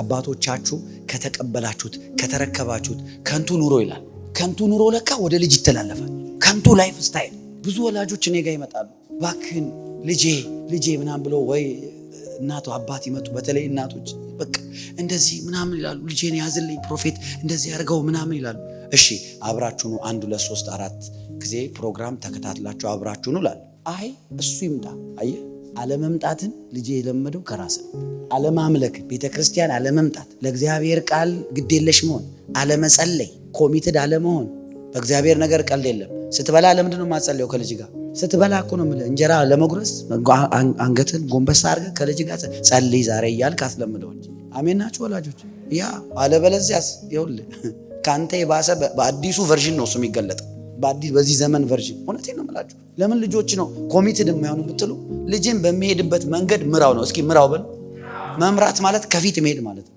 ከአባቶቻችሁ ከተቀበላችሁት ከተረከባችሁት ከንቱ ኑሮ ይላል። ከንቱ ኑሮ ለካ ወደ ልጅ ይተላለፋል። ከንቱ ላይፍ ስታይል። ብዙ ወላጆች እኔ ጋር ይመጣሉ። እባክህን ልጄ ልጄ ምናምን ብለው ወይ እናቱ አባት ይመጡ። በተለይ እናቶች በቃ እንደዚህ ምናምን ይላሉ። ልጄን ያዝልኝ ፕሮፌት እንደዚህ አድርገው ምናምን ይላሉ። እሺ አብራችሁኑ ኑ አንድ ሁለት ሶስት አራት ጊዜ ፕሮግራም ተከታትላችሁ አብራችሁኑ ላል። አይ እሱ ይምጣ አየህ አለመምጣትን ልጄ የለመደው ከራስ ነው። አለማምለክ፣ ቤተ ክርስቲያን አለመምጣት፣ ለእግዚአብሔር ቃል ግዴለሽ መሆን፣ አለመጸለይ፣ ኮሚትድ አለመሆን። በእግዚአብሔር ነገር ቀልድ የለም። ስትበላ ለምንድን ነው የማጸለየው? ከልጅ ጋር ስትበላ እኮ ነው የምልህ። እንጀራ ለመጉረስ አንገትን ጎንበስ አድርገህ ከልጅ ጋር ጸልይ ዛሬ እያልክ አስለምደው እንጂ። አሜን ናችሁ ወላጆች? ያ አለበለዚያስ ይኸውልህ ከአንተ የባሰ በአዲሱ ቨርዥን ነው እሱ የሚገለጠው፣ በዚህ ዘመን ቨርዥን። እውነቴን ምላችሁ። ለምን ልጆች ነው ኮሚትድ የማይሆኑ ብትሉ ልጅን በሚሄድበት መንገድ ምራው ነው። እስኪ ምራው በል። መምራት ማለት ከፊት መሄድ ማለት ነው።